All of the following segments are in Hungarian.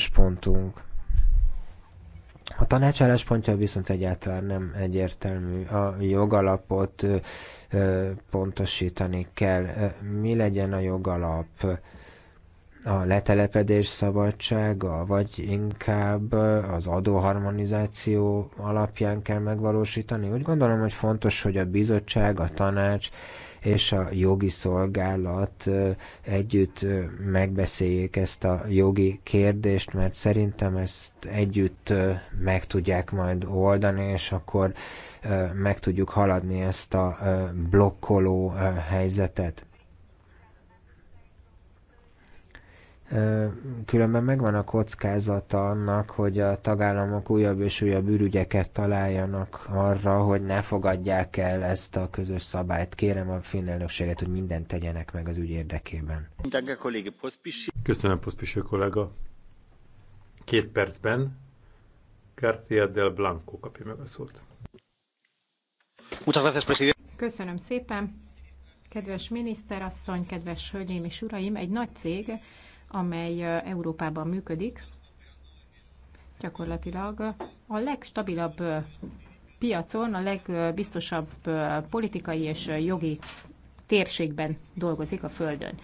álláspontunk. A tanács álláspontja viszont egyáltalán nem egyértelmű. A jogalapot pontosítani kell. Mi legyen a jogalap? a letelepedés szabadsága, vagy inkább az adóharmonizáció alapján kell megvalósítani. Úgy gondolom, hogy fontos, hogy a bizottság, a tanács és a jogi szolgálat együtt megbeszéljék ezt a jogi kérdést, mert szerintem ezt együtt meg tudják majd oldani, és akkor meg tudjuk haladni ezt a blokkoló helyzetet. Különben megvan a kockázata annak, hogy a tagállamok újabb és újabb ürügyeket találjanak arra, hogy ne fogadják el ezt a közös szabályt. Kérem a finn elnökséget, hogy mindent tegyenek meg az ügy érdekében. Köszönöm, Poszpisi kollega. Két percben García del Blanco kapja meg a szót. Köszönöm szépen. Kedves miniszterasszony, kedves hölgyeim és uraim, egy nagy cég amely Európában működik, gyakorlatilag a legstabilabb piacon, a legbiztosabb politikai és jogi térségben dolgozik a Földön.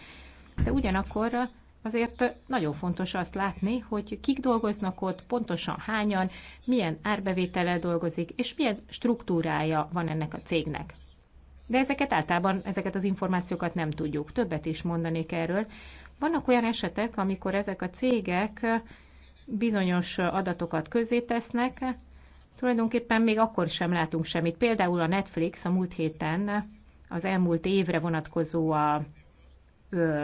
De ugyanakkor azért nagyon fontos azt látni, hogy kik dolgoznak ott, pontosan hányan, milyen árbevétele dolgozik, és milyen struktúrája van ennek a cégnek. De ezeket általában, ezeket az információkat nem tudjuk. Többet is mondanék erről. Vannak olyan esetek, amikor ezek a cégek bizonyos adatokat tesznek, tulajdonképpen még akkor sem látunk semmit. Például a Netflix a múlt héten az elmúlt évre vonatkozó a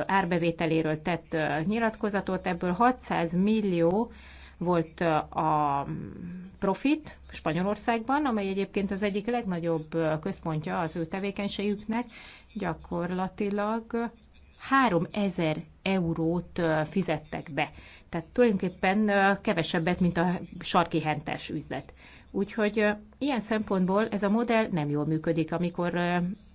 árbevételéről tett nyilatkozatot, ebből 600 millió volt a profit Spanyolországban, amely egyébként az egyik legnagyobb központja az ő tevékenységüknek, gyakorlatilag 3000 eurót fizettek be. Tehát tulajdonképpen kevesebbet, mint a sarki hentes üzlet. Úgyhogy ilyen szempontból ez a modell nem jól működik, amikor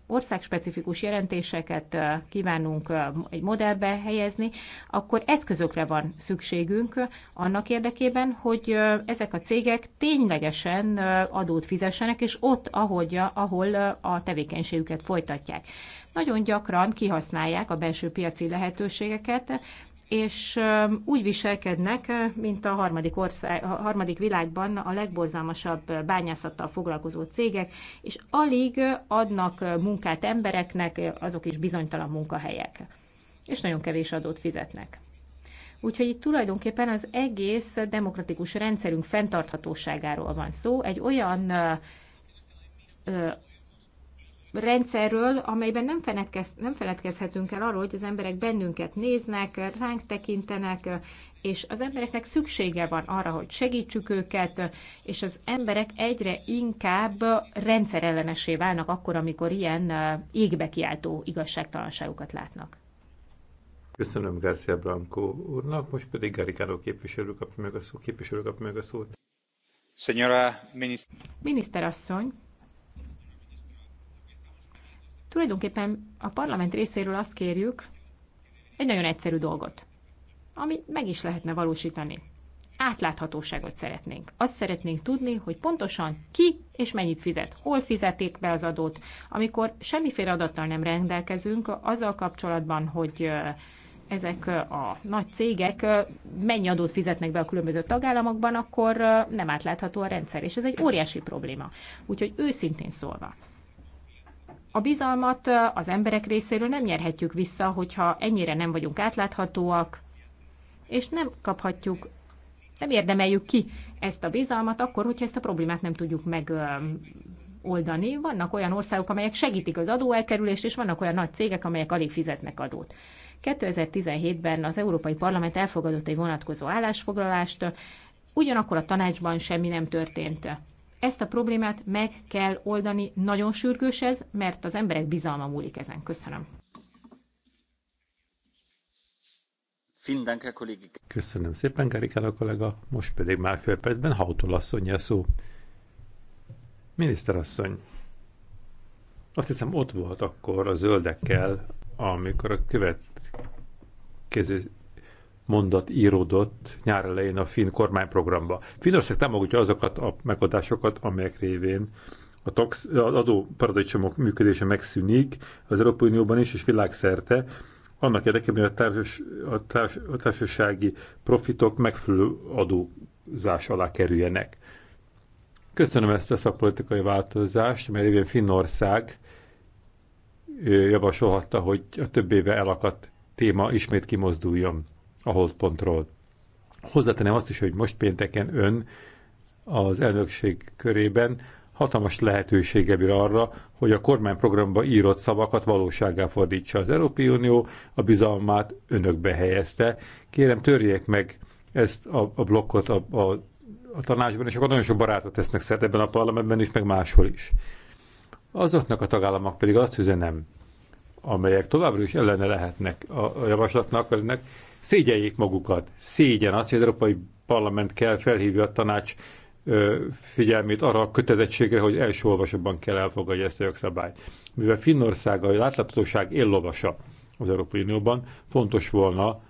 országspecifikus jelentéseket kívánunk egy modellbe helyezni, akkor eszközökre van szükségünk annak érdekében, hogy ezek a cégek ténylegesen adót fizessenek, és ott, ahogy, ahol a tevékenységüket folytatják nagyon gyakran kihasználják a belső piaci lehetőségeket, és úgy viselkednek, mint a harmadik, ország, a harmadik világban a legborzalmasabb bányászattal foglalkozó cégek, és alig adnak munkát embereknek, azok is bizonytalan munkahelyek, és nagyon kevés adót fizetnek. Úgyhogy itt tulajdonképpen az egész demokratikus rendszerünk fenntarthatóságáról van szó, egy olyan rendszerről, amelyben nem, feledkez, nem feledkezhetünk el arról, hogy az emberek bennünket néznek, ránk tekintenek, és az embereknek szüksége van arra, hogy segítsük őket, és az emberek egyre inkább rendszerellenesé válnak akkor, amikor ilyen égbe kiáltó igazságtalanságokat látnak. Köszönöm García Blanco úrnak, most pedig Garikáló képviselő kapja meg a szót. Képviselő kapja meg a szót. Señora miniszter... Miniszterasszony, Tulajdonképpen a parlament részéről azt kérjük egy nagyon egyszerű dolgot, ami meg is lehetne valósítani. Átláthatóságot szeretnénk. Azt szeretnénk tudni, hogy pontosan ki és mennyit fizet, hol fizetik be az adót. Amikor semmiféle adattal nem rendelkezünk, azzal kapcsolatban, hogy ezek a nagy cégek mennyi adót fizetnek be a különböző tagállamokban, akkor nem átlátható a rendszer, és ez egy óriási probléma. Úgyhogy őszintén szólva, a bizalmat az emberek részéről nem nyerhetjük vissza, hogyha ennyire nem vagyunk átláthatóak, és nem kaphatjuk, nem érdemeljük ki ezt a bizalmat akkor, hogyha ezt a problémát nem tudjuk megoldani. Vannak olyan országok, amelyek segítik az adóelkerülést, és vannak olyan nagy cégek, amelyek alig fizetnek adót. 2017-ben az Európai Parlament elfogadott egy vonatkozó állásfoglalást, ugyanakkor a tanácsban semmi nem történt. Ezt a problémát meg kell oldani, nagyon sürgős ez, mert az emberek bizalma múlik ezen. Köszönöm. Köszönöm szépen, Karikál a kollega. Most pedig már fél percben Hautól asszonyja szó. Miniszterasszony, azt hiszem ott volt akkor a zöldekkel, amikor a következő mondat íródott nyár elején a finn kormányprogramba. Finnország támogatja azokat a megoldásokat, amelyek révén a tax, az adó paradicsomok működése megszűnik az Európai Unióban is és világszerte, annak érdekében, hogy a, társas, a, társ, a társasági profitok megfelelő adózás alá kerüljenek. Köszönöm ezt a szakpolitikai változást, mert évén Finnország javasolhatta, hogy a több éve elakadt téma ismét kimozduljon a holdpontról. Hozzátenem azt is, hogy most pénteken ön az elnökség körében hatalmas lehetősége bír arra, hogy a kormányprogramba írott szavakat valóságá fordítsa. Az Európai Unió a bizalmát önökbe helyezte. Kérem, törjék meg ezt a, a blokkot a, a, a tanácsban, és akkor nagyon sok barátot tesznek szert ebben a parlamentben is, meg máshol is. Azoknak a tagállamok pedig azt üzenem, amelyek továbbra is ellene lehetnek a javaslatnak, önnek, Szégyeljék magukat. Szégyen az, hogy az Európai Parlament kell felhívja a tanács figyelmét arra a kötelezettségre, hogy első olvasóban kell elfogadja ezt a jogszabályt. Mivel Finnország a láthatóság éllovasa az Európai Unióban, fontos volna,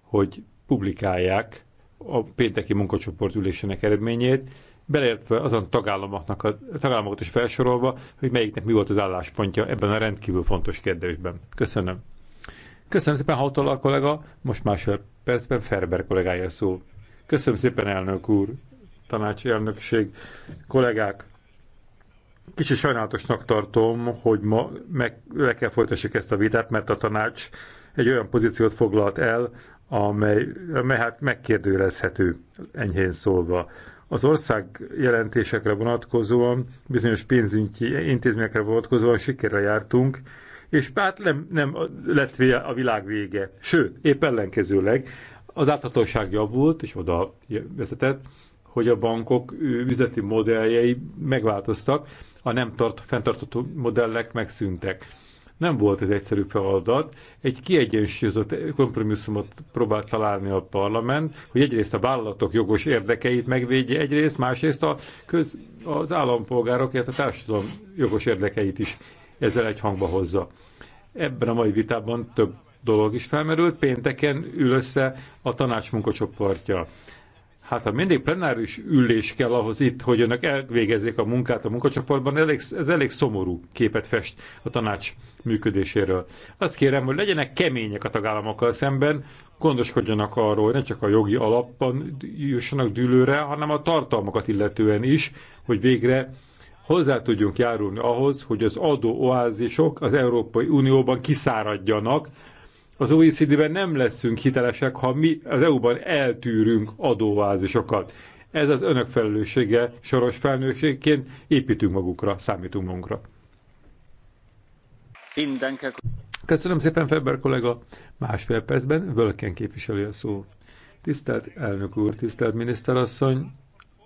hogy publikálják a pénteki munkacsoport ülésének eredményét, beleértve azon tagállamoknak, a tagállamokat is felsorolva, hogy melyiknek mi volt az álláspontja ebben a rendkívül fontos kérdésben. Köszönöm. Köszönöm szépen Hautala kollega, most másfél percben Ferber kollégája szó. Köszönöm szépen elnök úr, tanácsi elnökség, kollégák. Kicsit sajnálatosnak tartom, hogy ma meg le kell folytassuk ezt a vitát, mert a tanács egy olyan pozíciót foglalt el, amely, amely hát megkérdőjelezhető, enyhén szólva. Az ország jelentésekre vonatkozóan, bizonyos pénzügyi intézményekre vonatkozóan sikerre jártunk, és párt nem, nem lett a világ vége. Sőt, épp ellenkezőleg az áthatóság javult, és oda vezetett, hogy a bankok üzleti modelljei megváltoztak, a nem tart, fenntartató modellek megszűntek. Nem volt ez egyszerű feladat, egy kiegyensúlyozott kompromisszumot próbált találni a parlament, hogy egyrészt a vállalatok jogos érdekeit megvédje, egyrészt másrészt a köz, az állampolgárok, illetve a társadalom jogos érdekeit is ezzel egy hangba hozza. Ebben a mai vitában több dolog is felmerült, pénteken ül össze a tanács munkacsoportja. Hát ha mindig plenáris ülés kell ahhoz itt, hogy önök elvégezzék a munkát a munkacsoportban, elég, ez elég szomorú képet fest a tanács működéséről. Azt kérem, hogy legyenek kemények a tagállamokkal szemben, gondoskodjanak arról, hogy ne csak a jogi alapban jussanak dűlőre, hanem a tartalmakat illetően is, hogy végre hozzá tudjunk járulni ahhoz, hogy az adóoázisok az Európai Unióban kiszáradjanak. Az OECD-ben nem leszünk hitelesek, ha mi az EU-ban eltűrünk adóoázisokat. Ez az önök felelőssége, soros felnőségként építünk magukra, számítunk magunkra. Köszönöm szépen, Feber kollega. Másfél percben Völken képviselő a szó. Tisztelt elnök úr, tisztelt miniszterasszony,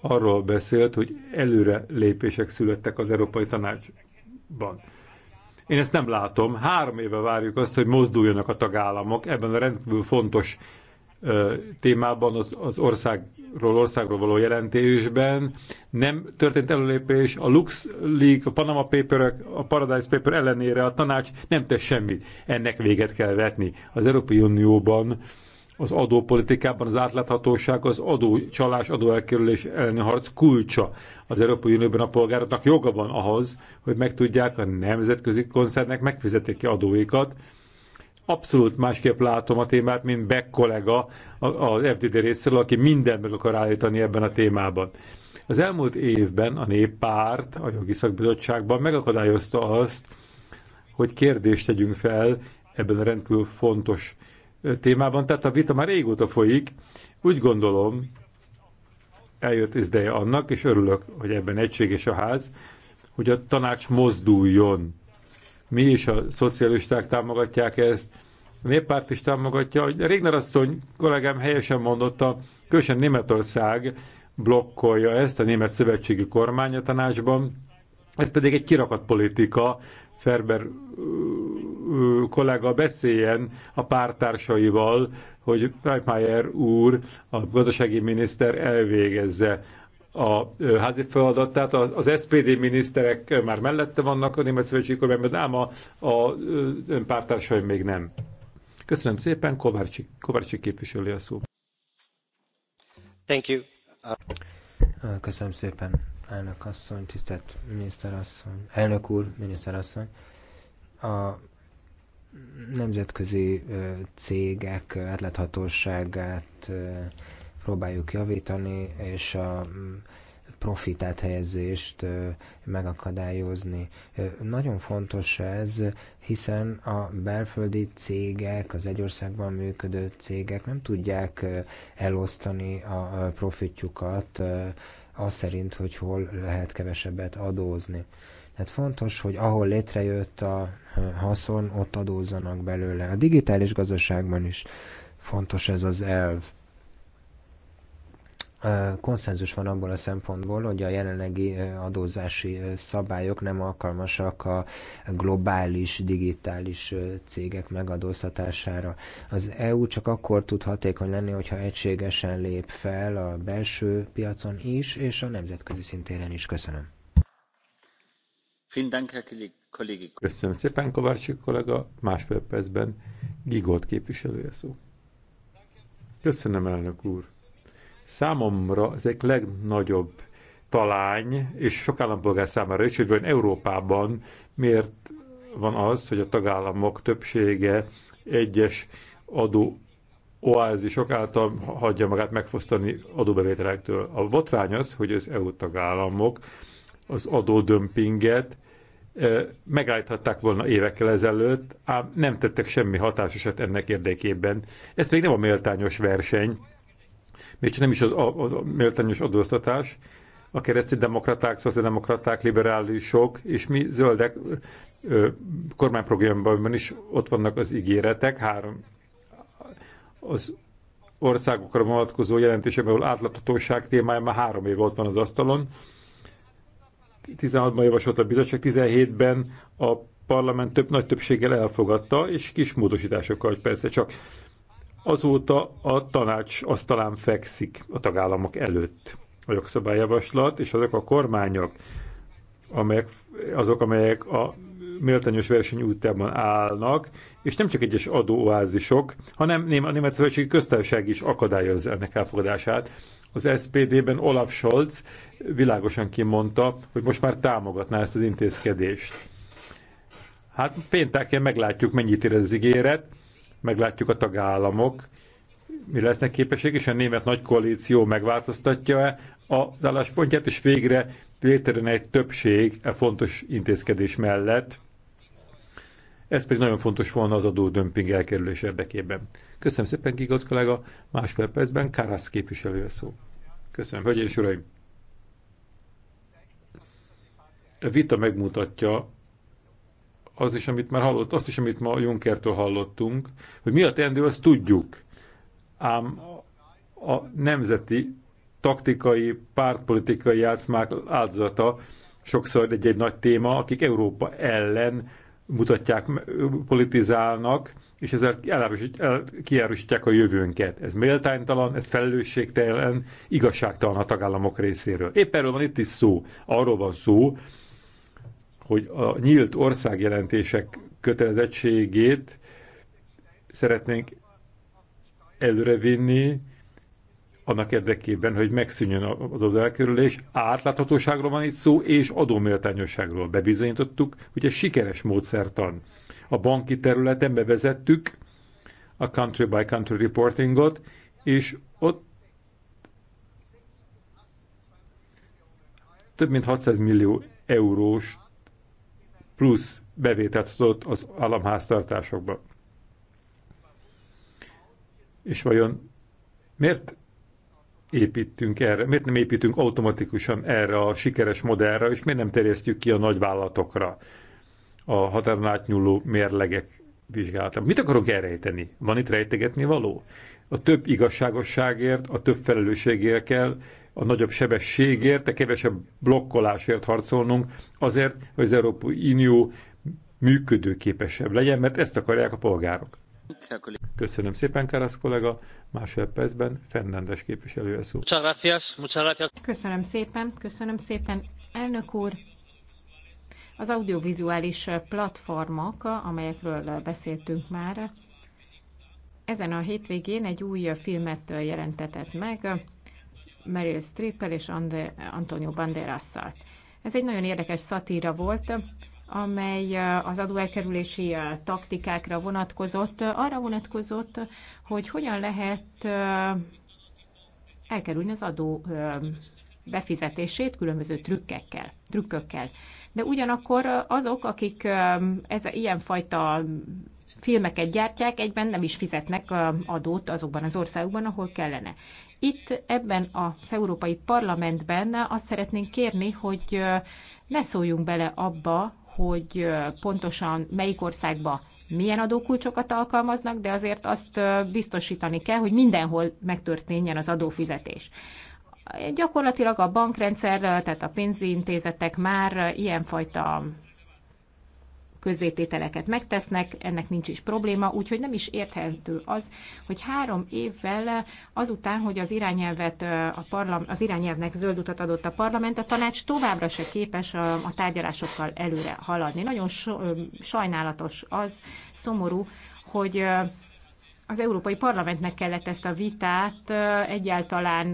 arról beszélt, hogy előre lépések születtek az Európai Tanácsban. Én ezt nem látom. Három éve várjuk azt, hogy mozduljanak a tagállamok ebben a rendkívül fontos ö, témában, az, az országról országról való jelentésben. Nem történt előlépés, a Lux League, a Panama Paper, a Paradise Paper ellenére a tanács nem tesz semmit. Ennek véget kell vetni. Az Európai Unióban az adópolitikában az átláthatóság az adócsalás, adóelkerülés elleni harc kulcsa. Az Európai Unióban a polgároknak joga van ahhoz, hogy megtudják a nemzetközi koncernek megfizetik ki adóikat. Abszolút másképp látom a témát, mint Beck kollega az FDD részéről, aki mindent meg akar állítani ebben a témában. Az elmúlt évben a néppárt a jogi szakbizottságban megakadályozta azt, hogy kérdést tegyünk fel ebben a rendkívül fontos témában, tehát a vita már régóta folyik. Úgy gondolom, eljött ideje annak, és örülök, hogy ebben egységes a ház, hogy a tanács mozduljon. Mi is a szocialisták támogatják ezt, a néppárt is támogatja, hogy Régner asszony kollégám helyesen mondotta, különösen Németország blokkolja ezt, a német szövetségi kormány a tanácsban, ez pedig egy kirakat politika, Ferber kollega beszéljen a pártársaival, hogy Reitmeier úr, a gazdasági miniszter elvégezze a házi feladatát. Az SPD miniszterek már mellette vannak a Német Szövetségi Kormányban, ám a, a pártársai még nem. Köszönöm szépen, Kovácsik, Kovácsik képviselő a szó. Thank you. Köszönöm szépen elnök asszony, tisztelt miniszterasszony, elnök úr, miniszterasszony. A nemzetközi cégek átláthatóságát próbáljuk javítani, és a profit megakadályozni. Nagyon fontos ez, hiszen a belföldi cégek, az egy országban működő cégek nem tudják elosztani a profitjukat az szerint, hogy hol lehet kevesebbet adózni. Tehát fontos, hogy ahol létrejött a haszon, ott adózzanak belőle. A digitális gazdaságban is fontos ez az elv konszenzus van abból a szempontból, hogy a jelenlegi adózási szabályok nem alkalmasak a globális digitális cégek megadóztatására. Az EU csak akkor tud hatékony lenni, hogyha egységesen lép fel a belső piacon is, és a nemzetközi szintéren is. Köszönöm. Köszönöm szépen, Kovácsik kollega. Másfél percben Gigolt képviselője szó. Köszönöm, elnök úr. Számomra az egyik legnagyobb talány, és sok állampolgár számára is, hogy van Európában miért van az, hogy a tagállamok többsége egyes adó oázisok által hagyja magát megfosztani adóbevételektől. A botrány az, hogy az EU tagállamok az adódömpinget eh, megállíthatták volna évekkel ezelőtt, ám nem tettek semmi hatásosat ennek érdekében. Ez még nem a méltányos verseny, még csak nem is az a, a, a méltányos adóztatás, a keresztény demokraták, szociáldemokraták, liberálisok, és mi zöldek ö, kormányprogramban is ott vannak az ígéretek, három az országokra vonatkozó jelentésemben, ahol átláthatóság témája már három év ott van az asztalon. 16-ban javasolt a bizottság, 17-ben a parlament több nagy többséggel elfogadta, és kis módosításokkal persze csak azóta a tanács asztalán fekszik a tagállamok előtt a jogszabályjavaslat, és azok a kormányok, amelyek, azok, amelyek a méltányos verseny útjában állnak, és nem csak egyes adóoázisok, hanem a Német Szövetségi Köztársaság is akadályozza ennek elfogadását. Az SPD-ben Olaf Scholz világosan kimondta, hogy most már támogatná ezt az intézkedést. Hát pénteken meglátjuk, mennyit ér ez az ígéret, meglátjuk a tagállamok, mi lesznek képesek, és a német nagy koalíció megváltoztatja-e az álláspontját, és végre létrejön egy többség e fontos intézkedés mellett. Ez pedig nagyon fontos volna az adódömping elkerülés érdekében. Köszönöm szépen, Gigot kollega, másfél percben Karasz képviselő szó. Köszönöm, hölgyeim és uraim! A vita megmutatja, az is, amit már hallott, azt is, amit ma Junkertől hallottunk, hogy mi a teendő, azt tudjuk. Ám a nemzeti taktikai, pártpolitikai játszmák áldozata sokszor egy-egy nagy téma, akik Európa ellen mutatják, politizálnak, és ezzel kiárusítják a jövőnket. Ez méltánytalan, ez felelősségtelen, igazságtalan a tagállamok részéről. Épp erről van itt is szó. Arról van szó, hogy a nyílt országjelentések kötelezettségét szeretnénk előrevinni annak érdekében, hogy megszűnjön az az elkerülés. Átláthatóságról van itt szó, és adóméltányosságról. Bebizonyítottuk, hogy egy sikeres módszertan. A banki területen bevezettük a country by country reportingot, és ott több mint 600 millió eurós plusz bevételt hozott az államháztartásokba. És vajon miért építünk erre, miért nem építünk automatikusan erre a sikeres modellre, és miért nem terjesztjük ki a nagyvállalatokra a határon átnyúló mérlegek vizsgálatában. Mit akarok elrejteni? Van itt rejtegetni való? A több igazságosságért, a több felelősségért kell a nagyobb sebességért, a kevesebb blokkolásért harcolnunk, azért, hogy az Európai Unió működőképesebb legyen, mert ezt akarják a polgárok. Köszönöm szépen, Karasz kollega. Másfél percben Fernándes képviselő szó. Köszönöm szépen, köszönöm szépen. Elnök úr, az audiovizuális platformok, amelyekről beszéltünk már, ezen a hétvégén egy új filmet jelentetett meg, Meryl streep és Ande, Antonio -szal. Ez egy nagyon érdekes szatíra volt, amely az adóelkerülési taktikákra vonatkozott, arra vonatkozott, hogy hogyan lehet elkerülni az adó befizetését különböző trükkekkel, trükkökkel. De ugyanakkor azok, akik ez, ilyenfajta filmeket gyártják, egyben nem is fizetnek adót azokban az országokban, ahol kellene. Itt ebben az Európai Parlamentben azt szeretnénk kérni, hogy ne szóljunk bele abba, hogy pontosan melyik országba milyen adókulcsokat alkalmaznak, de azért azt biztosítani kell, hogy mindenhol megtörténjen az adófizetés. Gyakorlatilag a bankrendszer, tehát a pénzintézetek már ilyenfajta közzétételeket megtesznek, ennek nincs is probléma, úgyhogy nem is érthető az, hogy három évvel azután, hogy az, irányelvet a parlam, az irányelvnek zöld utat adott a parlament, a tanács továbbra se képes a, a tárgyalásokkal előre haladni. Nagyon sajnálatos az, szomorú, hogy az Európai Parlamentnek kellett ezt a vitát egyáltalán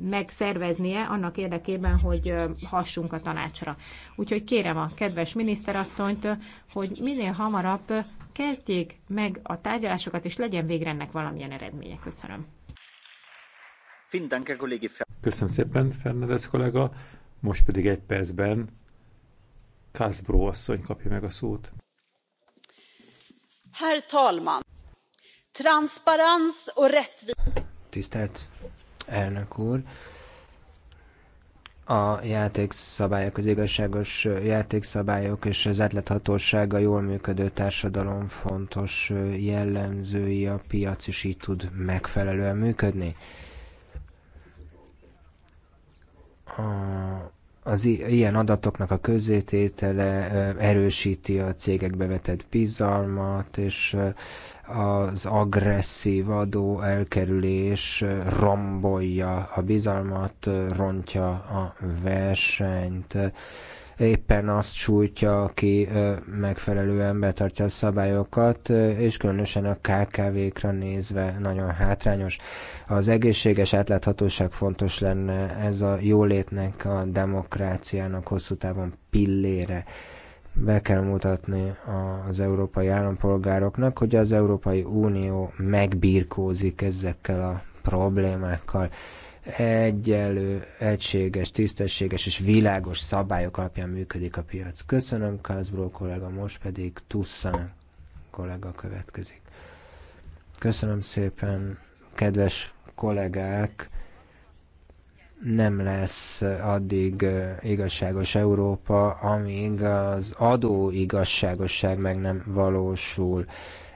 megszerveznie annak érdekében, hogy hassunk a tanácsra. Úgyhogy kérem a kedves miniszterasszonyt, hogy minél hamarabb kezdjék meg a tárgyalásokat, és legyen végre ennek valamilyen eredménye. Köszönöm. Köszönöm szépen, Fernandez kollega. Most pedig egy percben Kászbró asszony kapja meg a szót. Herr talman! Transparens och rättvisa. Tisztelt elnök úr. A játékszabályok, az igazságos játékszabályok és az átlethatósága a jól működő társadalom fontos jellemzői, a piac is így tud megfelelően működni. A az ilyen adatoknak a közzététele erősíti a cégek bevetett bizalmat, és az agresszív adó elkerülés rombolja a bizalmat, rontja a versenyt éppen azt sújtja, aki megfelelően betartja a szabályokat, és különösen a KKV-kra nézve nagyon hátrányos. Az egészséges átláthatóság fontos lenne, ez a jólétnek, a demokráciának hosszú távon pillére be kell mutatni az európai állampolgároknak, hogy az Európai Unió megbirkózik ezekkel a problémákkal egyelő, egységes, tisztességes és világos szabályok alapján működik a piac. Köszönöm, Kázbró kollega, most pedig Tusszán kollega következik. Köszönöm szépen, kedves kollégák! nem lesz addig igazságos Európa, amíg az adó igazságosság meg nem valósul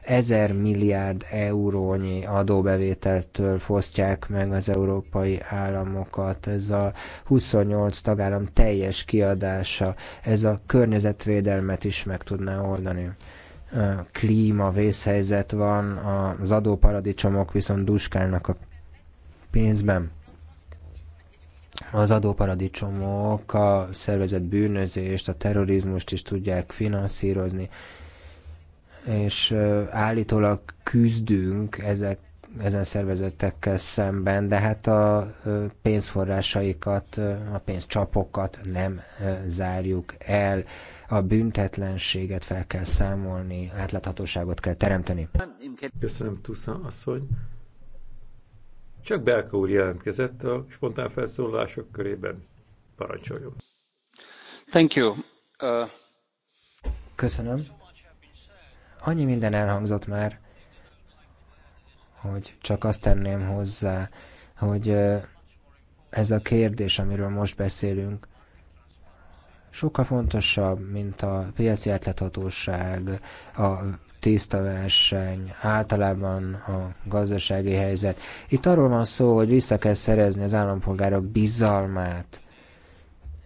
ezer milliárd eurónyi adóbevételtől fosztják meg az európai államokat. Ez a 28 tagállam teljes kiadása, ez a környezetvédelmet is meg tudná oldani klíma, vészhelyzet van, az adóparadicsomok viszont duskálnak a pénzben. Az adóparadicsomok a szervezet bűnözést, a terrorizmust is tudják finanszírozni és állítólag küzdünk ezek ezen szervezetekkel szemben, de hát a pénzforrásaikat, a pénzcsapokat nem zárjuk el. A büntetlenséget fel kell számolni, átláthatóságot kell teremteni. Köszönöm, Tusza asszony. Csak Belka úr jelentkezett a spontán felszólalások körében. Parancsoljon. Thank you. Uh... Köszönöm. Annyi minden elhangzott már, hogy csak azt tenném hozzá, hogy ez a kérdés, amiről most beszélünk, sokkal fontosabb, mint a piaci átláthatóság, a tiszta verseny, általában a gazdasági helyzet. Itt arról van szó, hogy vissza kell szerezni az állampolgárok bizalmát.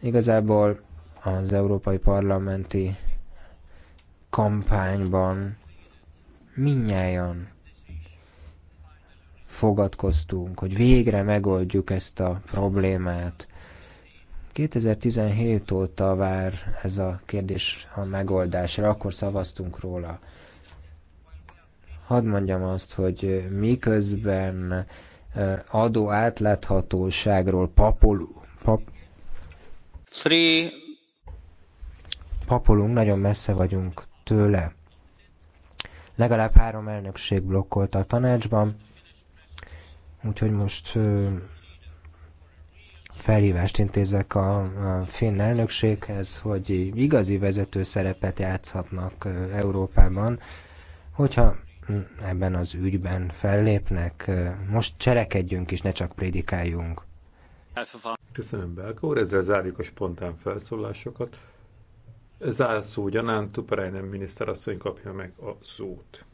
Igazából az európai parlamenti kampányban minnyáján fogadkoztunk, hogy végre megoldjuk ezt a problémát. 2017 óta vár ez a kérdés a megoldásra, akkor szavaztunk róla. Hadd mondjam azt, hogy miközben adó átláthatóságról papol, pap, Three. papolunk, nagyon messze vagyunk tőle. Legalább három elnökség blokkolta a tanácsban, úgyhogy most felhívást intézek a, finn elnökséghez, hogy igazi vezető szerepet játszhatnak Európában, hogyha hm, ebben az ügyben fellépnek. Most cselekedjünk is, ne csak prédikáljunk. Köszönöm, Belkó, Ezzel zárjuk a spontán felszólásokat. Zárszó gyanán Tuparájnem miniszterasszony kapja meg a szót.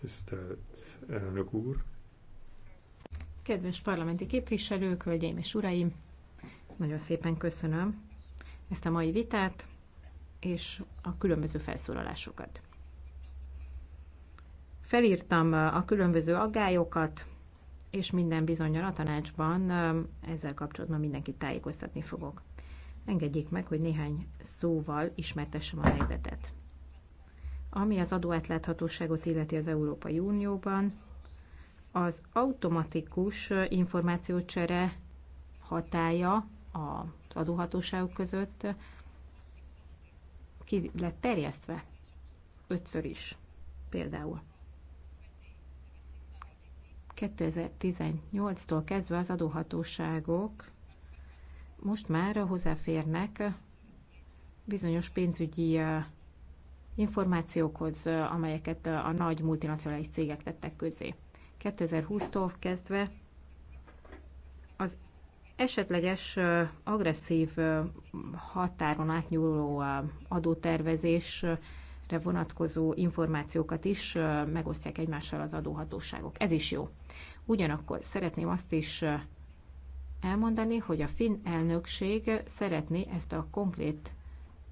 Tisztelt elnök úr! Kedves parlamenti képviselők, hölgyeim és uraim! Nagyon szépen köszönöm ezt a mai vitát és a különböző felszólalásokat. Felírtam a különböző aggályokat, és minden bizonyal a tanácsban ezzel kapcsolatban mindenkit tájékoztatni fogok. Engedjék meg, hogy néhány szóval ismertessem a helyzetet. Ami az adóátláthatóságot illeti az Európai Unióban, az automatikus információcsere hatája az adóhatóságok között ki lett terjesztve ötször is például. 2018-tól kezdve az adóhatóságok most már hozzáférnek bizonyos pénzügyi információkhoz, amelyeket a nagy multinacionális cégek tettek közé. 2020-tól kezdve az esetleges agresszív határon átnyúló adótervezés vonatkozó információkat is megosztják egymással az adóhatóságok. Ez is jó. Ugyanakkor szeretném azt is elmondani, hogy a finn elnökség szeretné ezt a konkrét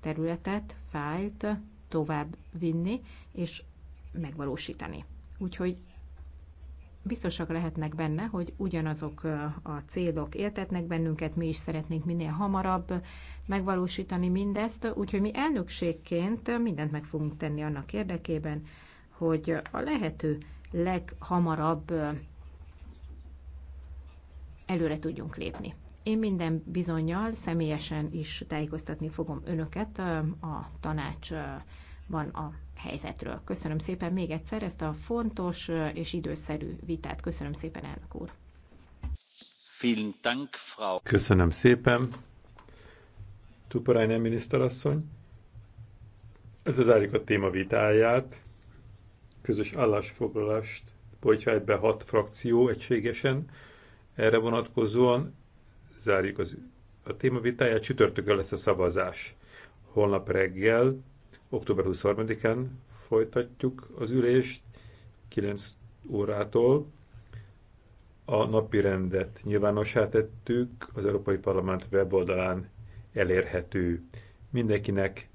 területet, fájlt tovább vinni és megvalósítani. Úgyhogy biztosak lehetnek benne, hogy ugyanazok a célok éltetnek bennünket, mi is szeretnénk minél hamarabb megvalósítani mindezt, úgyhogy mi elnökségként mindent meg fogunk tenni annak érdekében, hogy a lehető leghamarabb előre tudjunk lépni. Én minden bizonyal személyesen is tájékoztatni fogom önöket a tanácsban a helyzetről. Köszönöm szépen még egyszer ezt a fontos és időszerű vitát. Köszönöm szépen, elnök úr! Köszönöm szépen! Tuporájnán miniszterasszony. az zárjuk a téma vitáját, közös állásfoglalást bocsájt be hat frakció egységesen. Erre vonatkozóan zárjuk az, a téma vitáját, csütörtökön lesz a szavazás. Holnap reggel, október 23-án folytatjuk az ülést, 9 órától. A napi rendet nyilvánossá tettük az Európai Parlament weboldalán elérhető. Mindenkinek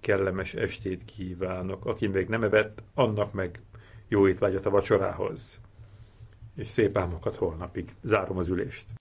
kellemes estét kívánok. Aki még nem evett, annak meg jó étvágyat a vacsorához. És szép álmokat holnapig. Zárom az ülést.